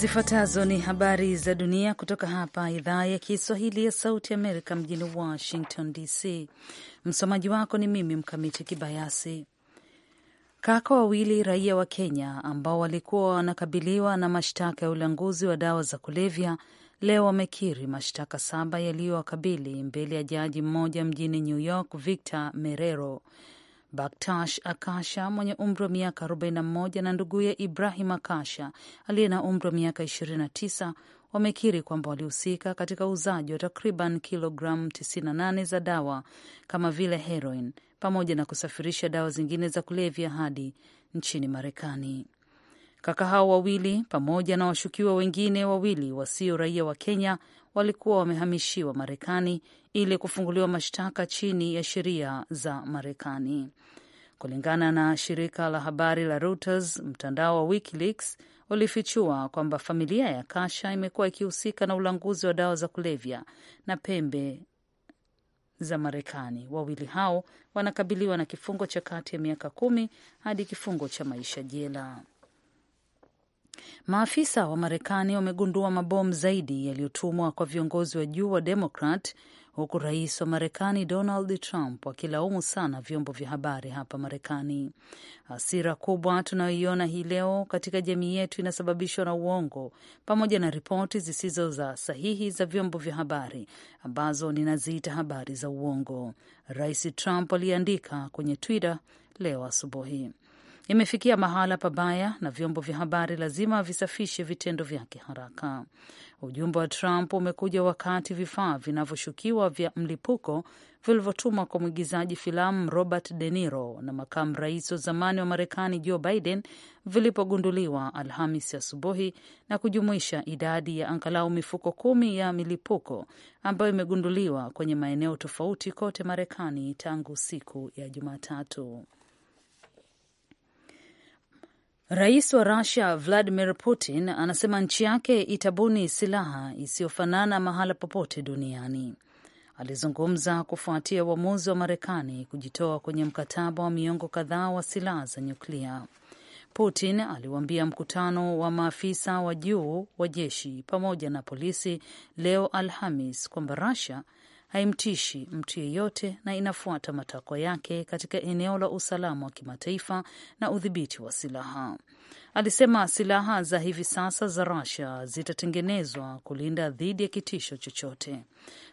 Zifuatazo ni habari za dunia kutoka hapa idhaa ya Kiswahili ya Sauti Amerika mjini Washington DC. Msomaji wako ni mimi Mkamiti Kibayasi. Kaka wawili raia wa Kenya ambao walikuwa wanakabiliwa na mashtaka ya ulanguzi wa dawa za kulevya leo wamekiri mashtaka saba yaliyowakabili mbele ya jaji mmoja mjini New York, Victor Merero. Baktash Akasha mwenye umri wa miaka 41 na nduguye Ibrahim Akasha aliye na umri wa miaka 29 wamekiri kwamba walihusika katika uuzaji wa takriban kilogramu 98 za dawa kama vile heroin pamoja na kusafirisha dawa zingine za kulevya hadi nchini Marekani. Kaka hao wawili pamoja na washukiwa wengine wawili wasio raia wa Kenya walikuwa wamehamishiwa Marekani ili kufunguliwa mashtaka chini ya sheria za Marekani. Kulingana na shirika la habari la Reuters, mtandao wa WikiLeaks ulifichua kwamba familia ya Kasha imekuwa ikihusika na ulanguzi wa dawa za kulevya na pembe za Marekani. Wawili hao wanakabiliwa na kifungo cha kati ya miaka kumi hadi kifungo cha maisha jela. Maafisa wa Marekani wamegundua mabomu zaidi yaliyotumwa kwa viongozi wa juu wa Demokrat, huku rais wa Marekani Donald Trump akilaumu sana vyombo vya habari hapa Marekani. Hasira kubwa tunayoiona hii leo katika jamii yetu inasababishwa na uongo pamoja na ripoti zisizo za sahihi za vyombo vya habari ambazo ninaziita habari za uongo, rais Trump aliandika kwenye Twitter leo asubuhi imefikia mahala pabaya na vyombo vya habari lazima visafishe vitendo vyake haraka. Ujumbe wa Trump umekuja wakati vifaa vinavyoshukiwa vya mlipuko vilivyotumwa kwa mwigizaji filamu Robert De Niro na makamu rais wa zamani wa Marekani Joe Biden vilipogunduliwa Alhamis asubuhi na kujumuisha idadi ya angalau mifuko kumi ya milipuko ambayo imegunduliwa kwenye maeneo tofauti kote Marekani tangu siku ya Jumatatu. Rais wa Rusia Vladimir Putin anasema nchi yake itabuni silaha isiyofanana mahala popote duniani. Alizungumza kufuatia uamuzi wa Marekani kujitoa kwenye mkataba wa miongo kadhaa wa silaha za nyuklia. Putin aliwaambia mkutano wa maafisa wa juu wa jeshi pamoja na polisi leo Alhamis kwamba Rusia haimtishi mtu yeyote na inafuata matakwa yake katika eneo la usalama wa kimataifa na udhibiti wa silaha. Alisema silaha za hivi sasa za Russia zitatengenezwa kulinda dhidi ya kitisho chochote.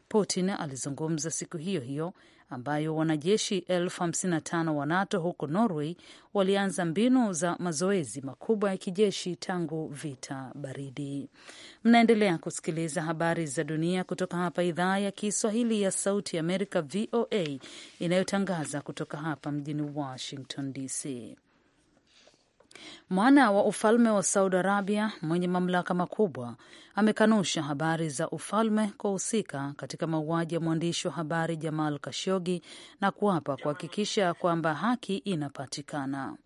Putin alizungumza siku hiyo hiyo ambayo wanajeshi elfu hamsini na tano wa NATO huko Norway walianza mbinu za mazoezi makubwa ya kijeshi tangu vita baridi. Mnaendelea kusikiliza habari za dunia kutoka hapa idhaa ya Kiswahili ya Sauti ya Amerika, VOA, inayotangaza kutoka hapa mjini Washington DC. Mwana wa ufalme wa Saudi Arabia mwenye mamlaka makubwa amekanusha habari za ufalme kuhusika katika mauaji ya mwandishi wa habari Jamal Kashogi na kuapa kuhakikisha kwamba haki inapatikana.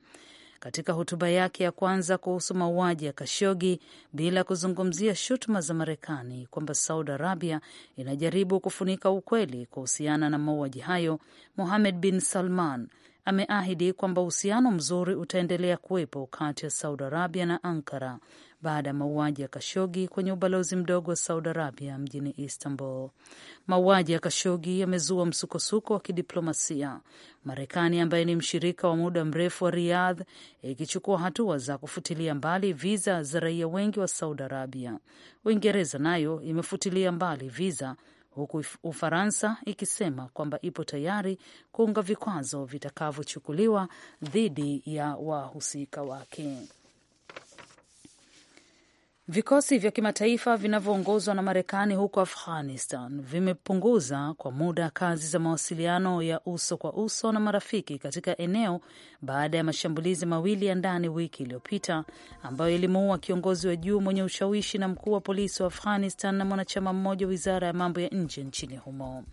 Katika hotuba yake ya kwanza kuhusu mauaji ya Kashogi, bila kuzungumzia shutuma za Marekani kwamba Saudi Arabia inajaribu kufunika ukweli kuhusiana na mauaji hayo, Mohamed bin Salman ameahidi kwamba uhusiano mzuri utaendelea kuwepo kati ya Saudi Arabia na Ankara baada ya mauaji ya Kashogi kwenye ubalozi mdogo wa Saudi Arabia mjini Istanbul. Mauaji ya Kashogi yamezua msukosuko wa kidiplomasia, Marekani ambaye ni mshirika wa muda mrefu wa Riyadh ikichukua hatua za kufutilia mbali viza za raia wengi wa Saudi Arabia. Uingereza nayo imefutilia mbali viza huku Ufaransa ikisema kwamba ipo tayari kuunga vikwazo vitakavyochukuliwa dhidi ya wahusika wake. Vikosi vya kimataifa vinavyoongozwa na Marekani huko Afghanistan vimepunguza kwa muda kazi za mawasiliano ya uso kwa uso na marafiki katika eneo baada ya mashambulizi mawili ya ndani wiki iliyopita ambayo ilimuua kiongozi wa juu mwenye ushawishi na mkuu wa polisi wa Afghanistan na mwanachama mmoja wa wizara ya mambo ya nje nchini humo.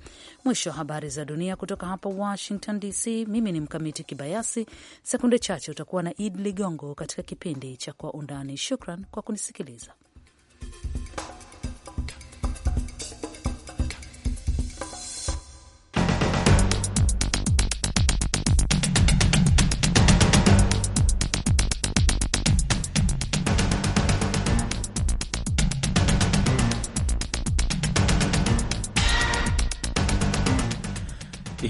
Mwisho wa habari za dunia kutoka hapa Washington DC. Mimi ni Mkamiti Kibayasi. Sekunde chache utakuwa na Id Ligongo katika kipindi cha Kwa Undani. Shukran kwa kunisikiliza.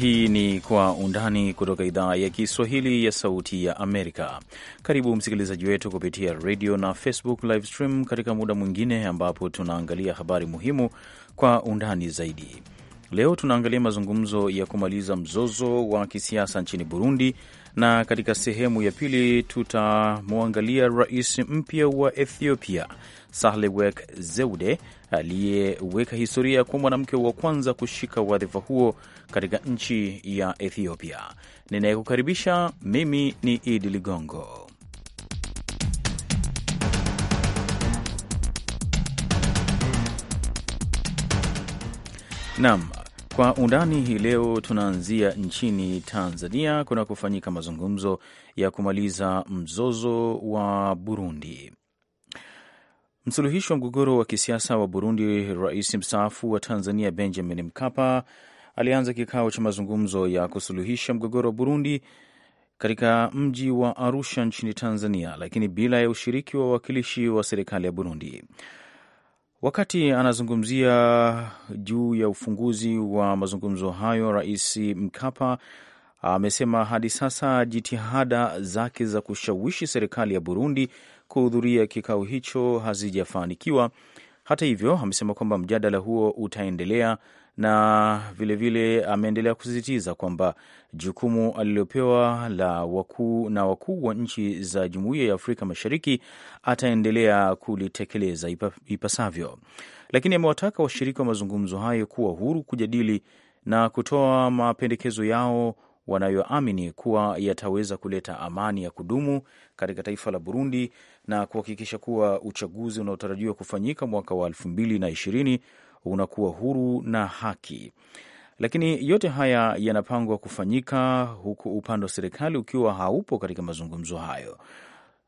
Hii ni Kwa Undani kutoka idhaa ya Kiswahili ya Sauti ya Amerika. Karibu msikilizaji wetu kupitia radio na Facebook live stream katika muda mwingine ambapo tunaangalia habari muhimu kwa undani zaidi. Leo tunaangalia mazungumzo ya kumaliza mzozo wa kisiasa nchini Burundi na katika sehemu ya pili tutamwangalia rais mpya wa Ethiopia Sahlewek Zeude aliyeweka historia kwa mwanamke wa kwanza kushika wadhifa huo katika nchi ya Ethiopia. Ninayekukaribisha mimi ni Idi Ligongo. Naam, kwa undani hii leo tunaanzia nchini Tanzania kuna kufanyika mazungumzo ya kumaliza mzozo wa Burundi. Msuluhishi wa mgogoro wa kisiasa wa Burundi, rais mstaafu wa Tanzania Benjamin Mkapa alianza kikao cha mazungumzo ya kusuluhisha mgogoro wa Burundi katika mji wa Arusha nchini Tanzania, lakini bila ya ushiriki wa wawakilishi wa serikali ya Burundi. Wakati anazungumzia juu ya ufunguzi wa mazungumzo hayo, Rais Mkapa amesema hadi sasa jitihada zake za kushawishi serikali ya Burundi kuhudhuria kikao hicho hazijafanikiwa hata hivyo, amesema kwamba mjadala huo utaendelea na vilevile ameendelea kusisitiza kwamba jukumu alilopewa la wakuu na wakuu wa nchi za Jumuiya ya Afrika Mashariki ataendelea kulitekeleza ipasavyo, lakini amewataka washiriki wa mazungumzo hayo kuwa huru kujadili na kutoa mapendekezo yao wanayoamini kuwa yataweza kuleta amani ya kudumu katika taifa la Burundi na kuhakikisha kuwa uchaguzi unaotarajiwa kufanyika mwaka wa elfu mbili na ishirini unakuwa huru na haki. Lakini yote haya yanapangwa kufanyika huku upande wa serikali ukiwa haupo katika mazungumzo hayo.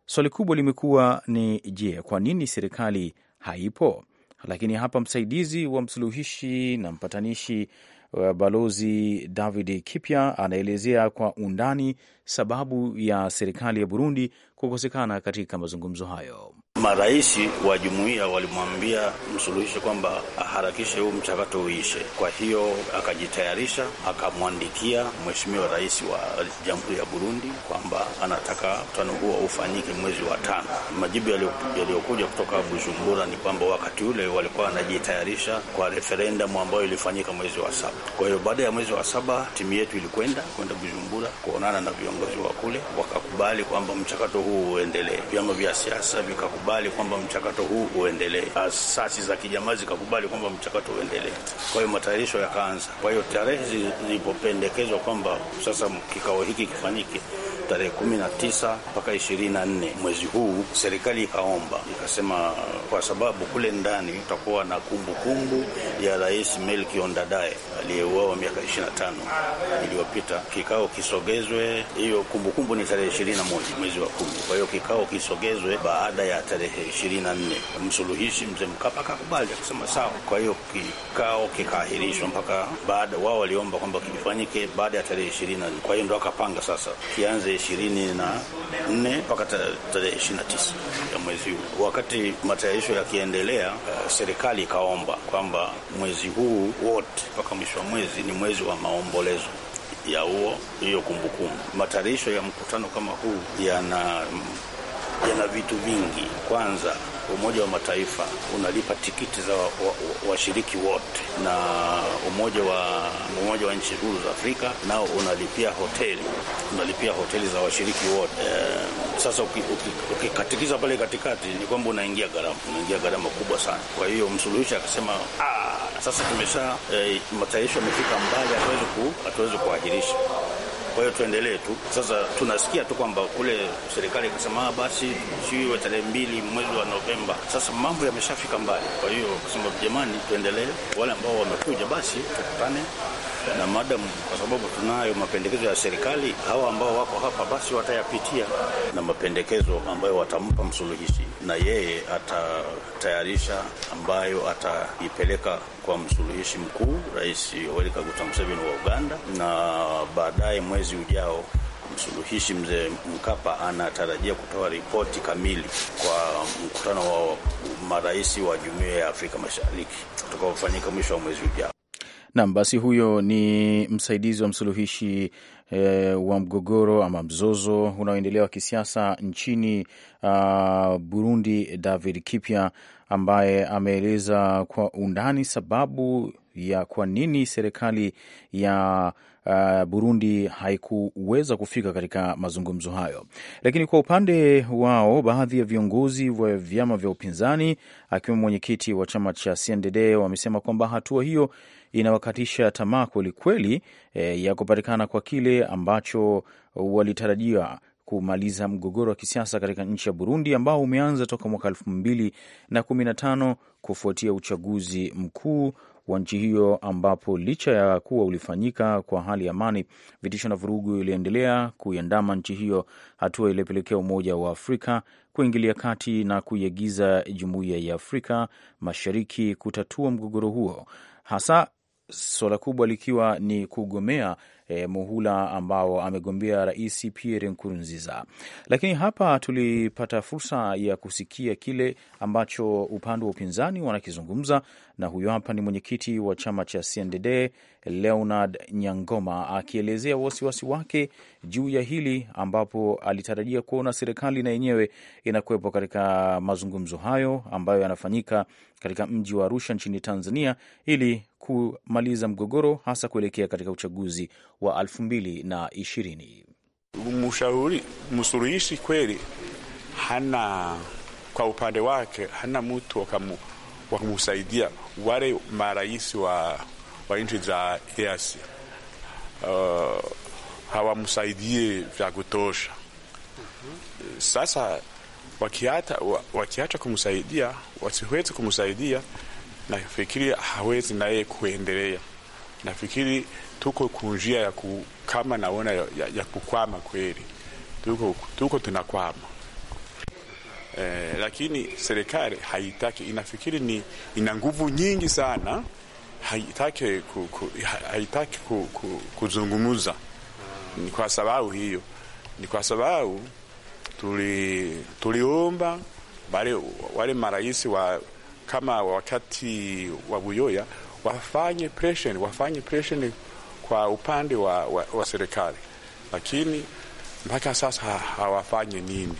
Swali kubwa limekuwa ni je, kwa nini serikali haipo? Lakini hapa msaidizi wa msuluhishi na mpatanishi Eh, Balozi David Kipya anaelezea kwa undani sababu ya serikali ya Burundi kukosekana katika mazungumzo hayo marais wa jumuiya walimwambia msuluhishi kwamba aharakishe huu mchakato uishe. Kwa hiyo akajitayarisha, akamwandikia mheshimiwa rais wa jamhuri ya Burundi kwamba anataka mkutano huo ufanyike mwezi wa tano. Majibu yaliyokuja kutoka Bujumbura ni kwamba wakati ule walikuwa wanajitayarisha kwa referendum ambayo ilifanyika mwezi wa saba. Kwa hiyo baada ya mwezi wa saba timu yetu ilikwenda kwenda Bujumbura kuonana na viongozi wa kule, wakakubali kwamba mchakato huu uendelee. Vyama vya siasa vikakubali zikakubali kwamba mchakato huu uendelee, asasi za kijamaa zikakubali kwamba mchakato uendelee. Kwa hiyo matayarisho yakaanza. Kwa hiyo tarehe zilipopendekezwa kwamba sasa kikao hiki kifanyike tarehe 19 mpaka 24 mwezi huu, serikali ikaomba ikasema, kwa sababu kule ndani utakuwa na kumbukumbu kumbu ya Rais Melkion Dadae aliyeuawa miaka tano iliyopita. Kikao kisogezwe, hiyo kumbukumbu ni tarehe moja mwezi wa kumi. Kwa hiyo kikao kisogezwe baada ya tarehe ishirini na nne. Msuluhishi mzee Mkapa akakubali akasema sawa. Kwa hiyo kikao kikaahirishwa mpaka baada, wao waliomba kwamba kifanyike baada ya tarehe ishirini na nne. Kwa hiyo ndo akapanga sasa kianze ishirini na nne mpaka tarehe ishirini na tisa ya mwezi huu. Wakati matayarisho yakiendelea, uh, serikali ikaomba kwamba mwezi huu wote mpaka mwisho wa mwezi ni mwezi wa maombolezo ya huo hiyo kumbukumbu. Matayarisho ya mkutano kama huu yana yana vitu vingi. Kwanza, Umoja wa Mataifa unalipa tikiti za washiriki wa, wa wote, na umoja wa, umoja wa nchi huru za Afrika nao unalipia hoteli, unalipia hoteli za washiriki wote. E, sasa ukikatikiza uki, uki pale katikati ni kwamba unaingia gharama, unaingia gharama kubwa sana. Kwa hiyo msuluhishi akasema ah, sasa tumesha e, mataifa yamefika mbali, hatuwezi kuahirisha kwa hiyo tuendelee tu. Sasa tunasikia tu kwamba kule serikali ikasema ah, basi tusiwe tarehe mbili mwezi wa Novemba. Sasa mambo yameshafika mbali, kwa hiyo kusema jamani, tuendelee. Wale ambao wamekuja basi tukutane na madam, kwa sababu tunayo mapendekezo ya serikali, hawa ambao wako hapa basi watayapitia na mapendekezo ambayo watampa msuluhishi, na yeye atatayarisha ambayo ataipeleka kwa msuluhishi mkuu, Rais Yoweri Kaguta Museveni wa Uganda, na baadaye mwezi ujao msuluhishi mzee Mkapa anatarajia kutoa ripoti kamili kwa mkutano wa marais wa jumuiya ya Afrika Mashariki utakaofanyika mwisho wa mwezi ujao. Nam, basi huyo ni msaidizi wa msuluhishi e, wa mgogoro ama mzozo unaoendelea wa kisiasa nchini uh, Burundi, David Kipya ambaye ameeleza kwa undani sababu ya kwa nini serikali ya Uh, Burundi haikuweza kufika katika mazungumzo hayo, lakini kwa upande wao baadhi ya viongozi wa vyama vya upinzani akiwemo mwenyekiti wa chama cha CNDD wamesema kwamba hatua hiyo inawakatisha tamaa kwelikweli e, ya kupatikana kwa kile ambacho walitarajia kumaliza mgogoro wa kisiasa katika nchi ya Burundi ambao umeanza toka mwaka elfu mbili na kumi na tano kufuatia uchaguzi mkuu wa nchi hiyo ambapo licha ya kuwa ulifanyika kwa hali ya amani, vitisho na vurugu iliendelea kuiandama nchi hiyo, hatua iliyopelekea Umoja wa Afrika kuingilia kati na kuiagiza Jumuiya ya Afrika Mashariki kutatua mgogoro huo hasa suala kubwa likiwa ni kugomea e, muhula ambao amegombea Rais Pierre Nkurunziza. Lakini hapa tulipata fursa ya kusikia kile ambacho upande wa upinzani wanakizungumza, na huyo hapa ni mwenyekiti wa chama cha CNDD Leonard Nyangoma akielezea wasiwasi wake juu ya hili, ambapo alitarajia kuona serikali na yenyewe inakuwepo katika mazungumzo hayo ambayo yanafanyika katika mji wa Arusha nchini Tanzania ili kumaliza mgogoro, hasa kuelekea katika uchaguzi wa 2020. Mshauri msuluhishi kweli hana kwa upande wake, hana mtu wakumsaidia. Wale marais wa, wa nchi za EAC uh, hawamsaidie vya kutosha. Sasa wakiacha kumsaidia, wasiwezi kumsaidia nafikiri hawezi naye kuendelea. Nafikiri tuko kunjia ya kukama, naona ya, ya ya kukwama kweli, tuko, tuko tunakwama eh, lakini serikali haitaki, inafikiri ni ina nguvu nyingi sana, haitaki ku, ku, haitaki ku, ku, kuzungumuza. Ni kwa sababu hiyo, ni kwa sababu tuliomba tuli wale, wale marais wa kama wakati wa Buyoya wafanye pressure, wafanye pressure kwa upande wa, wa, wa serikali, lakini mpaka sasa hawafanye nini.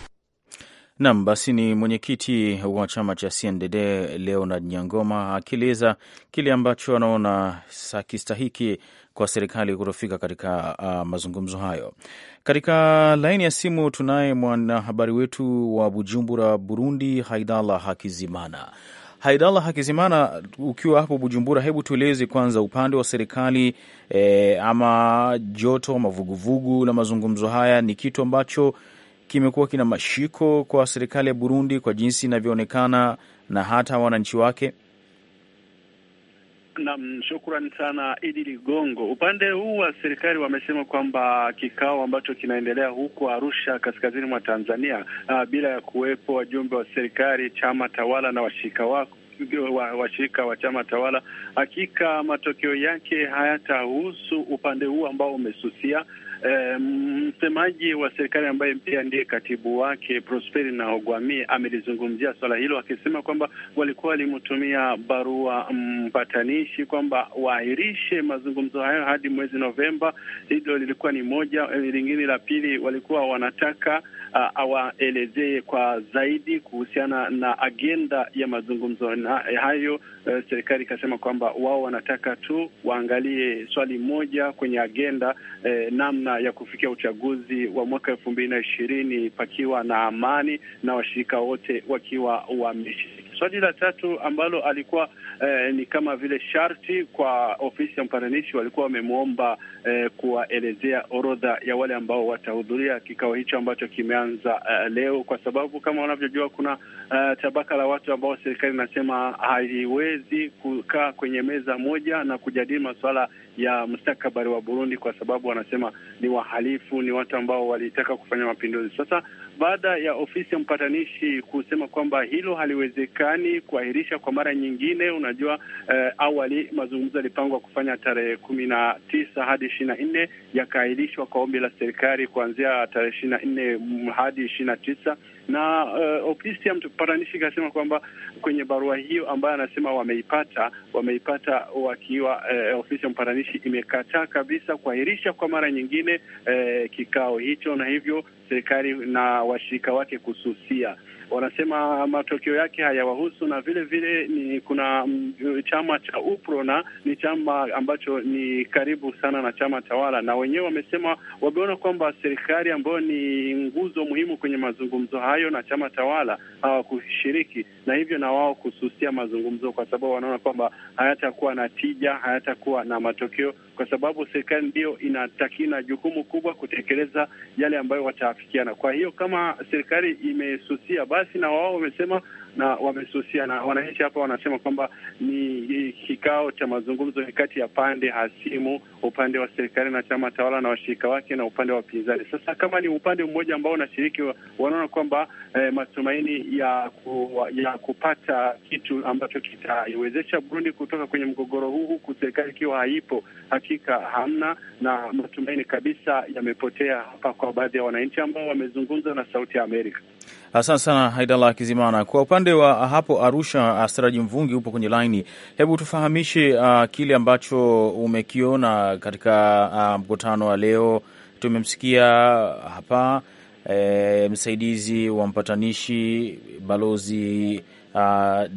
Nam basi, ni mwenyekiti wa chama cha CNDD Leonard Nyangoma akieleza kile ambacho anaona sakistahiki kwa serikali kutofika katika uh, mazungumzo hayo. Katika laini ya simu tunaye mwanahabari wetu wa Bujumbura, Burundi, Haidala Hakizimana. Haidallah Hakizimana, ukiwa hapo Bujumbura, hebu tueleze kwanza upande wa serikali e, ama joto mavuguvugu la mazungumzo haya ni kitu ambacho kimekuwa kina mashiko kwa serikali ya Burundi kwa jinsi inavyoonekana na hata wananchi wake. Nam, shukran sana Idi Ligongo. Upande huu wa serikali wamesema kwamba kikao ambacho kinaendelea huko Arusha, kaskazini mwa Tanzania, uh, bila ya kuwepo wajumbe wa serikali, chama tawala na washirika wako washirika wa, wa chama tawala, hakika matokeo yake hayatahusu upande huu ambao umesusia Msemaji um, wa serikali ambaye pia ndiye katibu wake Prosperi na Ogwami amelizungumzia swala hilo akisema kwamba walikuwa walimtumia barua mpatanishi kwamba waahirishe mazungumzo hayo hadi mwezi Novemba. Hilo lilikuwa ni moja. Eh, lingine la pili walikuwa wanataka uh, awaelezee kwa zaidi kuhusiana na agenda ya mazungumzo hayo. Uh, serikali ikasema kwamba wao wanataka tu waangalie swali moja kwenye agenda eh, namna ya kufikia uchaguzi wa mwaka elfu mbili na ishirini pakiwa na amani na washirika wote wakiwa wameshi Swali la tatu ambalo alikuwa eh, ni kama vile sharti kwa ofisi ya mpatanishi, walikuwa wamemwomba eh, kuwaelezea orodha ya wale ambao watahudhuria kikao hicho ambacho kimeanza eh, leo, kwa sababu kama wanavyojua kuna eh, tabaka la watu ambao serikali inasema haiwezi kukaa kwenye meza moja na kujadili masuala ya mustakabali wa Burundi, kwa sababu wanasema ni wahalifu, ni watu ambao walitaka kufanya mapinduzi. Sasa baada ya ofisi ya mpatanishi kusema kwamba hilo haliwezekani kuahirisha kwa mara nyingine. Unajua eh, awali mazungumzo yalipangwa kufanya tarehe kumi na tisa hadi ishirini na nne yakaahirishwa kwa ombi la serikali kuanzia tarehe ishirini na nne hadi ishirini na tisa na uh, ofisi ya mpatanishi ikasema kwamba kwenye barua hiyo ambayo anasema wameipata wameipata wakiwa uh, ofisi ya mpatanishi imekataa kabisa kuahirisha kwa mara nyingine uh, kikao hicho, na hivyo serikali na washirika wake kususia wanasema matokeo yake hayawahusu, na vile vile ni kuna mm, chama cha UPRONA ni chama ambacho ni karibu sana na chama tawala, na wenyewe wamesema wameona kwamba serikali ambayo ni nguzo muhimu kwenye mazungumzo hayo na chama tawala hawakushiriki, na hivyo na wao kususia mazungumzo kwa sababu wanaona kwamba hayatakuwa na tija, hayatakuwa na matokeo kwa sababu serikali ndiyo inatakina jukumu kubwa kutekeleza yale ambayo wataafikiana. Kwa hiyo kama serikali imesusia basi na wao wamesema na wamesusia, na wananchi hapa wanasema kwamba ni kikao cha mazungumzo ni kati ya pande hasimu, upande wa serikali na chama tawala na washirika wake na upande wa upinzani. Sasa kama ni upande mmoja ambao unashiriki, wanaona kwamba eh, matumaini ya, ku, ya kupata kitu ambacho kitaiwezesha Burundi kutoka kwenye mgogoro huu, huku serikali ikiwa haipo, hakika hamna, na matumaini kabisa yamepotea hapa kwa baadhi ya wananchi ambao wamezungumza na Sauti ya Amerika. Asante sana Haidala Kizimana. Kwa upande wa hapo Arusha, Astaraji uh, Mvungi upo kwenye laini, hebu tufahamishe uh, kile ambacho umekiona katika uh, mkutano wa leo. Tumemsikia hapa eh, msaidizi wa mpatanishi balozi uh,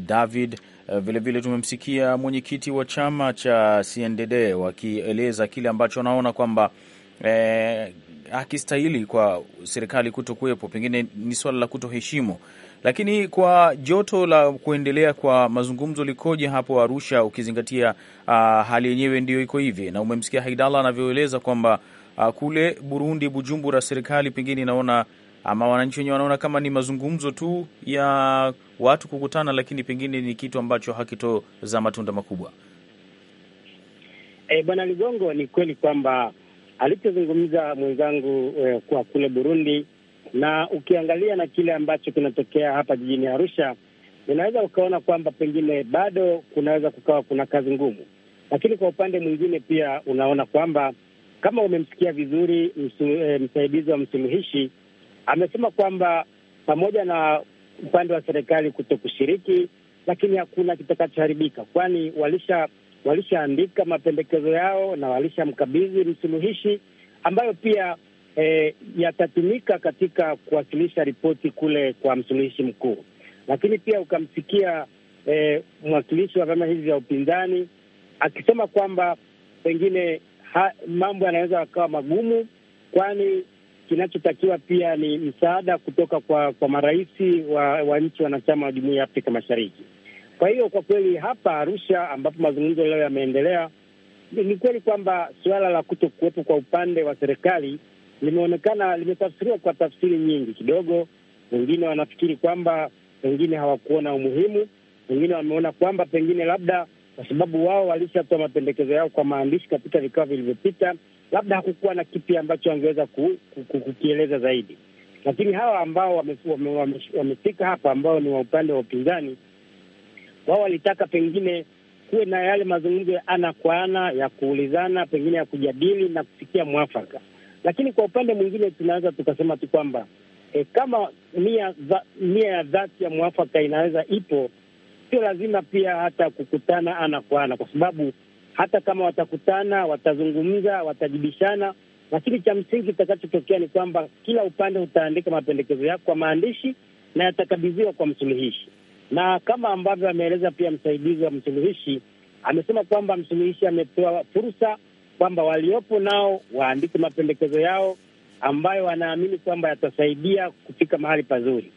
David vilevile eh, vile tumemsikia mwenyekiti wa chama cha CNDD wakieleza kile ambacho wanaona kwamba eh, hakistahili kwa serikali kuto kuwepo, pengine ni swala la kutoheshimu. Lakini kwa joto la kuendelea kwa mazungumzo likoje hapo Arusha, ukizingatia uh, hali yenyewe ndiyo iko hivi, na umemsikia Haidala anavyoeleza kwamba uh, kule Burundi, Bujumbura, serikali pengine inaona ama wananchi wenyewe wanaona kama ni mazungumzo tu ya watu kukutana, lakini pengine ni kitu ambacho hakitoza matunda makubwa. E, Bwana Ligongo, ni kweli kwamba alichozungumza mwenzangu eh, kwa kule Burundi, na ukiangalia na kile ambacho kinatokea hapa jijini Arusha, unaweza ukaona kwamba pengine bado kunaweza kukawa kuna kazi ngumu, lakini kwa upande mwingine pia unaona kwamba kama umemsikia vizuri msu, eh, msaidizi wa msuluhishi amesema kwamba pamoja na upande wa serikali kuto kushiriki, lakini hakuna kitakachoharibika, kwani walisha walishaandika mapendekezo yao na walishamkabidhi msuluhishi, ambayo pia e, yatatumika katika kuwasilisha ripoti kule kwa msuluhishi mkuu. Lakini pia ukamsikia e, mwakilishi wa vyama hivi vya upinzani akisema kwamba pengine ha, mambo yanaweza yakawa magumu, kwani kinachotakiwa pia ni msaada kutoka kwa, kwa marais wa, wa nchi wanachama wa jumuiya ya Afrika Mashariki. Kwa hiyo kwa kweli hapa Arusha ambapo mazungumzo leo yameendelea, ni kweli kwamba suala la kuto kuwepo kwa upande wa serikali limeonekana limetafsiriwa kwa tafsiri nyingi kidogo. Wengine wanafikiri kwamba wengine hawakuona umuhimu, wengine wameona kwamba pengine labda kwa sababu wao walishatoa mapendekezo yao kwa maandishi katika vikao vilivyopita, labda hakukuwa na kipi ambacho wangeweza kukieleza zaidi. Lakini hawa ambao wamefika wame, wame, wame hapa ambao ni wa upande wa upinzani wao walitaka pengine kuwe na yale mazungumzo ya ana kwa ana ya kuulizana, pengine ya kujadili na kufikia mwafaka. Lakini kwa upande mwingine tunaweza tukasema tu kwamba e, kama nia nia ya dhati ya mwafaka inaweza ipo, sio lazima pia hata kukutana ana kwa ana, kwa sababu hata kama watakutana, watazungumza, watajibishana, lakini cha msingi kitakachotokea ni kwamba kila upande utaandika mapendekezo yako kwa maandishi na yatakabidhiwa kwa msuluhishi na kama ambavyo ameeleza pia msaidizi wa msuluhishi, amesema kwamba msuluhishi amepewa fursa kwamba waliopo nao waandike mapendekezo yao ambayo wanaamini kwamba yatasaidia kufika mahali pazuri,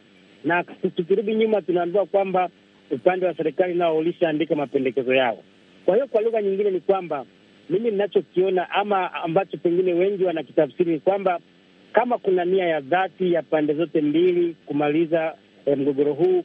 na tukirudi nyuma tunaambiwa kwamba upande wa serikali nao ulishaandika mapendekezo yao. Kwa hiyo kwa lugha nyingine ni kwamba mimi ninachokiona ama ambacho pengine wengi wanakitafsiri ni kwamba kama kuna nia ya dhati ya pande zote mbili kumaliza eh, mgogoro huu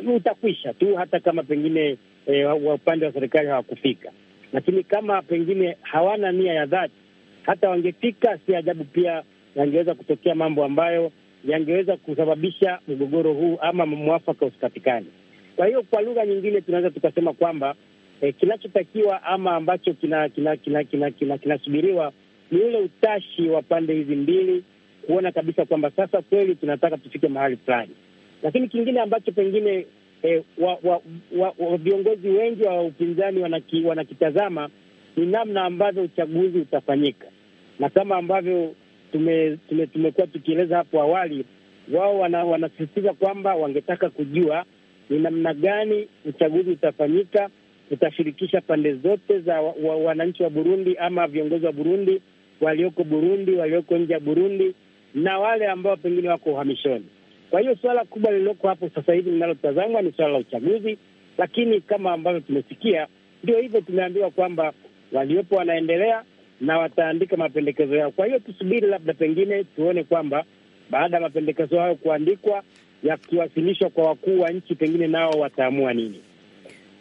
utakwisha tu, hata kama pengine e, wa upande wa serikali hawakufika. Lakini kama pengine hawana nia ya dhati, hata wangefika, si ajabu pia yangeweza kutokea mambo ambayo yangeweza kusababisha mgogoro huu ama mwafaka usipatikane. Kwa hiyo kwa lugha nyingine tunaweza tukasema kwamba e, kinachotakiwa ama ambacho kinasubiriwa kina, kina, kina, kina, kina ni ule utashi wa pande hizi mbili kuona kabisa kwamba sasa kweli tunataka tufike mahali fulani. Lakini kingine ambacho pengine eh, viongozi wa, wa, wa, wengi wa upinzani wanaki, wanakitazama ni namna ambavyo uchaguzi utafanyika, na kama ambavyo tume, tume, tumekuwa tukieleza hapo awali, wao wanasisitiza wana kwamba wangetaka kujua ni namna gani uchaguzi utafanyika, utashirikisha pande zote za wananchi wa, wa, wa Burundi ama viongozi wa Burundi walioko Burundi, walioko nje ya Burundi na wale ambao pengine wako uhamishoni. Kwa hiyo suala kubwa lililoko hapo sasa hivi linalotazamwa ni suala la uchaguzi, lakini kama ambavyo tumesikia, ndio hivyo, tumeambiwa kwamba waliopo wanaendelea na wataandika mapendekezo yao. Kwa hiyo tusubiri, labda pengine tuone kwamba baada ya mapendekezo hayo kuandikwa, yakiwasilishwa kwa wakuu wa nchi, pengine nao wataamua nini.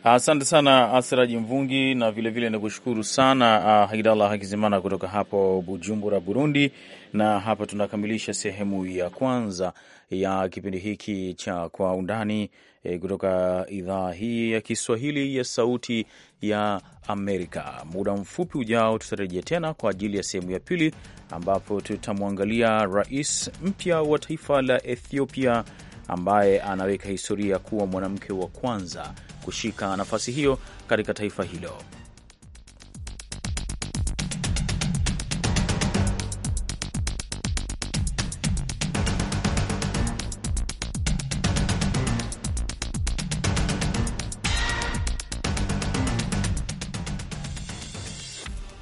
Asante sana Asiraji Mvungi, na vilevile nikushukuru sana haidalla ah, Haidallah Hakizimana kutoka hapo Bujumbura, Burundi. Na hapa tunakamilisha sehemu ya kwanza ya kipindi hiki cha Kwa Undani e, kutoka idhaa hii ya Kiswahili ya Sauti ya Amerika. Muda mfupi ujao, tutarejea tena kwa ajili ya sehemu ya pili, ambapo tutamwangalia rais mpya wa taifa la Ethiopia ambaye anaweka historia kuwa mwanamke wa kwanza kushika nafasi hiyo katika taifa hilo.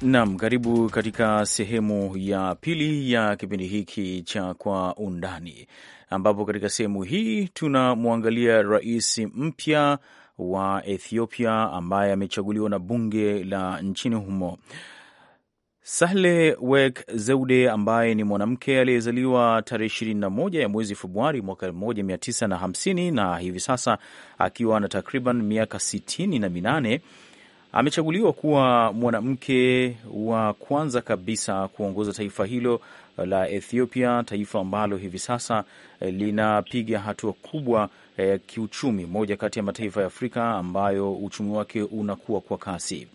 Nam, karibu katika sehemu ya pili ya kipindi hiki cha Kwa Undani, ambapo katika sehemu hii tunamwangalia rais mpya wa Ethiopia ambaye amechaguliwa na bunge la nchini humo. Sahle Wek Zeude ambaye ni mwanamke aliyezaliwa tarehe moja ya mwezi Februari mwaka hamsini na hivi sasa akiwa na takriban miaka sitini na minane amechaguliwa kuwa mwanamke wa kwanza kabisa kuongoza taifa hilo la Ethiopia, taifa ambalo hivi sasa linapiga hatua kubwa eh, kiuchumi, moja kati ya mataifa ya Afrika ambayo uchumi wake unakuwa kwa kasi.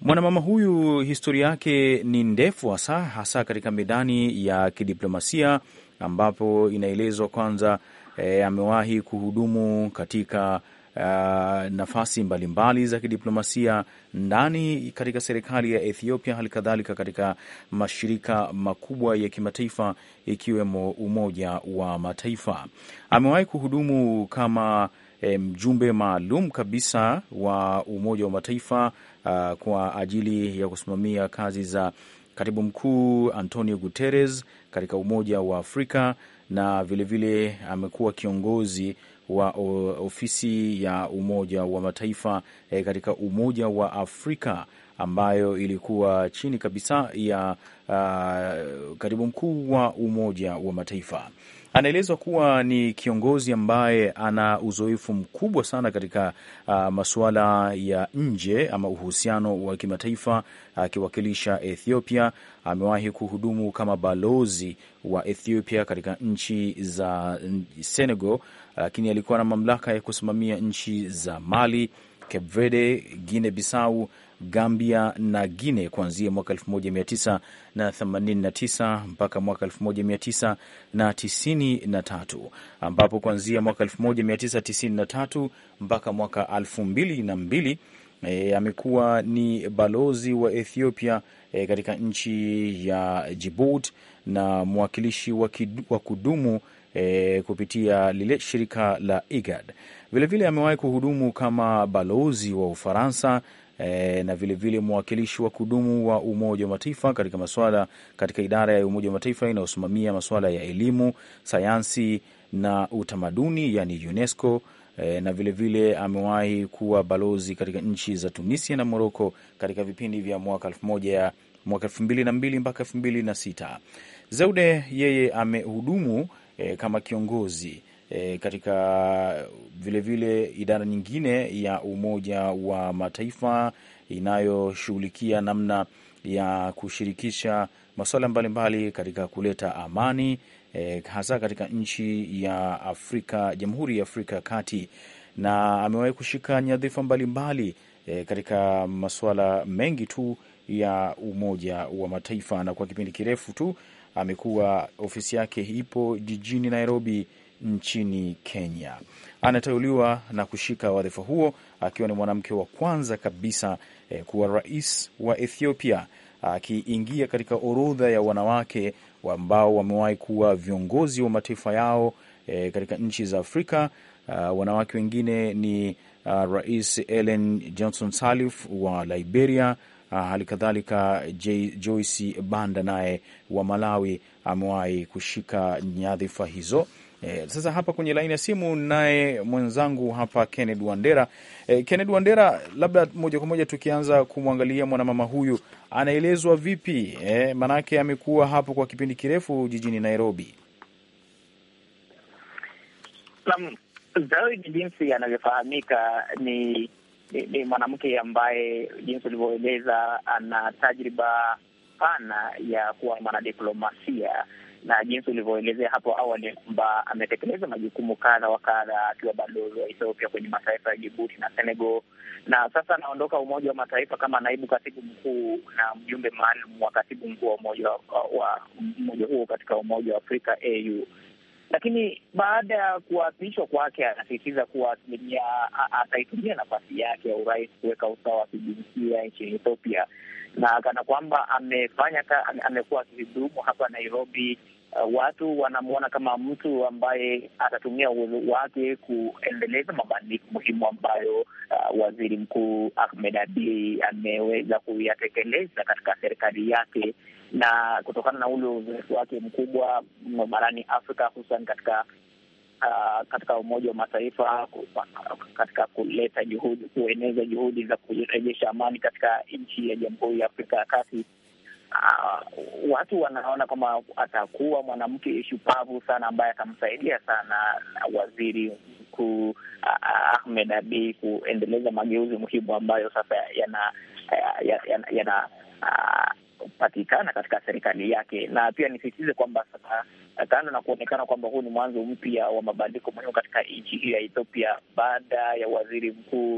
Mwanamama huyu historia yake ni ndefu, hasa hasa katika medani ya kidiplomasia, ambapo inaelezwa kwanza, e, amewahi kuhudumu katika uh, nafasi mbalimbali za kidiplomasia ndani katika serikali ya Ethiopia, hali kadhalika katika mashirika makubwa ya kimataifa ikiwemo Umoja wa Mataifa. Amewahi kuhudumu kama eh, mjumbe maalum kabisa wa Umoja wa Mataifa uh, kwa ajili ya kusimamia kazi za katibu mkuu Antonio Guterres katika Umoja wa Afrika na vilevile amekuwa kiongozi wa ofisi ya Umoja wa Mataifa e, katika Umoja wa Afrika ambayo ilikuwa chini kabisa ya a, katibu mkuu wa Umoja wa Mataifa. Anaelezwa kuwa ni kiongozi ambaye ana uzoefu mkubwa sana katika uh, masuala ya nje ama uhusiano wa kimataifa akiwakilisha uh, Ethiopia. Amewahi kuhudumu kama balozi wa Ethiopia katika nchi za Senegal, lakini alikuwa na mamlaka ya kusimamia nchi za Mali, Cape Verde, Guinea Bissau, Gambia na guine kuanzia mwaka 1989 mpaka mwaka 1993, ambapo kuanzia mwaka 1993 mpaka mwaka 2002 e, amekuwa ni balozi wa Ethiopia e, katika nchi ya Djibouti na mwakilishi wa kudumu e, kupitia lile shirika la IGAD. Vilevile amewahi kuhudumu kama balozi wa Ufaransa e, na vilevile mwakilishi wa kudumu wa Umoja wa Mataifa katika maswala katika idara ya Umoja wa Mataifa inayosimamia maswala ya elimu, sayansi na utamaduni, yani UNESCO e, na vilevile amewahi kuwa balozi katika nchi za Tunisia na Moroko katika vipindi vya mwaka elfu moja mwaka elfu mbili na mbili mpaka elfu mbili na sita. Zeude yeye amehudumu e, kama kiongozi e, katika vilevile vile idara nyingine ya Umoja wa Mataifa inayoshughulikia namna ya kushirikisha masuala mbalimbali katika kuleta amani e, hasa katika nchi ya Afrika, Jamhuri ya Afrika ya Kati, na amewahi kushika nyadhifa mbalimbali e, katika masuala mengi tu ya Umoja wa Mataifa, na kwa kipindi kirefu tu amekuwa ofisi yake ipo jijini Nairobi nchini Kenya. Anateuliwa na kushika wadhifa huo akiwa ni mwanamke wa kwanza kabisa eh, kuwa rais wa Ethiopia, akiingia katika orodha ya wanawake ambao wamewahi kuwa viongozi wa mataifa yao eh, katika nchi za Afrika. Uh, wanawake wengine ni uh, Rais Ellen Johnson Sirleaf wa Liberia Ah, hali kadhalika Joyce Banda naye wa Malawi amewahi kushika nyadhifa hizo. E, sasa hapa kwenye laini ya simu naye mwenzangu hapa kenned Wandera. E, Kenneth Wandera, labda moja kwa moja tukianza kumwangalia mwanamama huyu anaelezwa vipi? E, eh, maanake amekuwa hapo kwa kipindi kirefu jijini Nairobi. Nam, Zawidi jinsi anavyofahamika ni ni, ni mwanamke ambaye jinsi ulivyoeleza ana tajriba pana ya kuwa mwanadiplomasia na jinsi ulivyoelezea hapo awali kwamba ametekeleza majukumu kadha wa kadha akiwa balozi wa Ethiopia kwenye mataifa ya Jibuti na Senegal, na sasa anaondoka Umoja wa Mataifa kama naibu katibu mkuu na mjumbe maalum wa katibu mkuu wa umoja wa umoja huo katika Umoja wa Afrika au lakini baada ya kuapishwa kwake, anasisitiza kuwa ataitumia nafasi yake ya urais kuweka usawa wa kijinsia nchini Ethiopia, na kana kwamba amefanya amekuwa akihudumu hapa Nairobi. Uh, watu wanamwona kama mtu ambaye atatumia uwezo wake kuendeleza mabadiliko muhimu ambayo uh, waziri mkuu Ahmed Abiy ameweza kuyatekeleza katika serikali yake na kutokana na ule uzoefu wake mkubwa barani Afrika, hususan katika uh, katika Umoja wa Mataifa, katika kuleta juhudi, kueneza juhudi za kurejesha amani katika nchi ya Jamhuri ya Afrika ya Kati. Uh, watu wanaona kwamba atakuwa mwanamke shupavu sana ambaye atamsaidia sana na waziri mkuu uh, Ahmed abi kuendeleza mageuzi muhimu ambayo sasa yana yana, yana, yana uh, kupatikana katika serikali yake. Na pia nisisitize kwamba sasa, eh, kando na kuonekana kwamba huu ni mwanzo mpya wa mabadiliko muhimu katika nchi hiyo ya Ethiopia baada ya waziri mkuu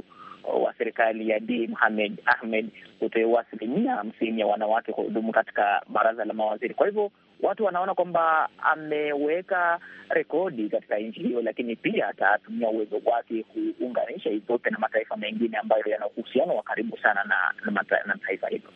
eh, wa serikali ya Abiy Mohamed Ahmed kuteua asilimia hamsini ya wanawake kuhudumu katika baraza la mawaziri. Kwa hivyo watu wanaona kwamba ameweka rekodi katika nchi hiyo, lakini pia atatumia uwezo wake kuunganisha Ethiopia na mataifa mengine ambayo yana uhusiano wa karibu sana na, na, na taifa hilo.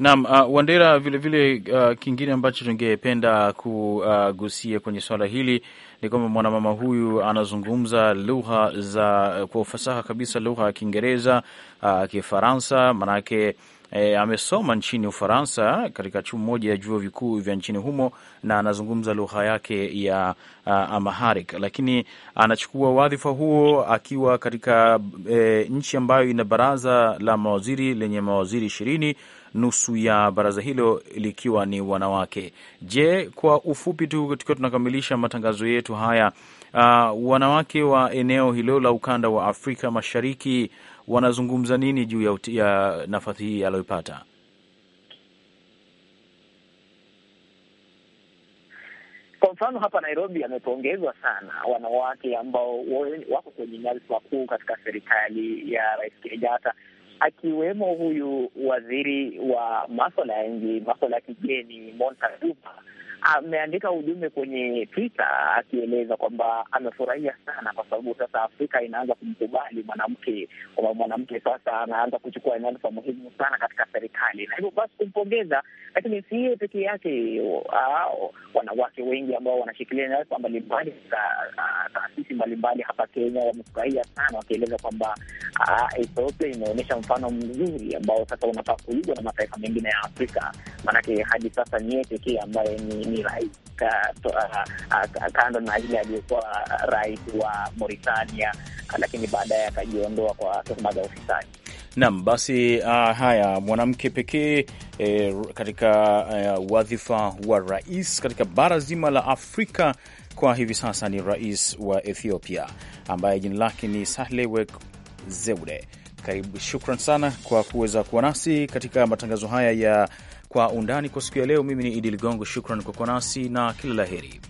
Naam, uh, Wandera, vilevile vile, uh, kingine ambacho tungependa kugusia kwenye swala hili ni kwamba mwanamama huyu anazungumza lugha za kwa ufasaha kabisa, lugha ya Kiingereza, uh, Kifaransa, manake e, amesoma nchini Ufaransa katika chuo moja ya vyuo vikuu vya nchini humo na anazungumza lugha yake ya Amharic, lakini anachukua wadhifa huo akiwa katika e, nchi ambayo ina baraza la mawaziri lenye mawaziri ishirini nusu ya baraza hilo likiwa ni wanawake. Je, kwa ufupi tu tukiwa tunakamilisha matangazo yetu haya, uh, wanawake wa eneo hilo la ukanda wa Afrika Mashariki wanazungumza nini juu ya, ya nafasi hii aliyoipata? Kwa mfano hapa Nairobi amepongezwa sana wanawake ambao wako kwenye nyadhifa wakuu katika serikali ya Rais Kenyatta, akiwemo huyu waziri wa maswala ya nje, maswala ya kigeni Monica Juma ameandika ujumbe kwenye Twitter akieleza kwamba amefurahia sana kwa sababu sasa Afrika inaanza kumkubali mwanamke, kwamba mwanamke sasa anaanza kuchukua nyadhifa muhimu sana katika serikali, na hivyo basi kumpongeza. Lakini si yeye peke yake, wanawake wengi ambao wanashikilia nyadhifa mbalimbali katika uh, taasisi mbalimbali hapa Kenya wamefurahia sana, wakieleza kwamba Ethiopia imeonyesha mfano mzuri ambao sasa unafaa kuigwa na mataifa mengine ya Afrika, maanake hadi sasa ni pekee ambaye ni, ni rais kando na ile aliyokuwa rais wa Mauritania, lakini baadaye akajiondoa kwa tuhuma za ufisadi. Naam, basi uh, haya mwanamke pekee eh, katika uh, wadhifa wa rais katika bara zima la Afrika kwa hivi sasa ni rais wa Ethiopia ambaye jina lake ni Sahle Work Zeule. Karibu, shukran sana kwa kuweza kuwa nasi katika matangazo haya ya kwa undani kwa siku ya leo. Mimi ni Idi Ligongo, shukran kwa kuwa nasi na kila la heri.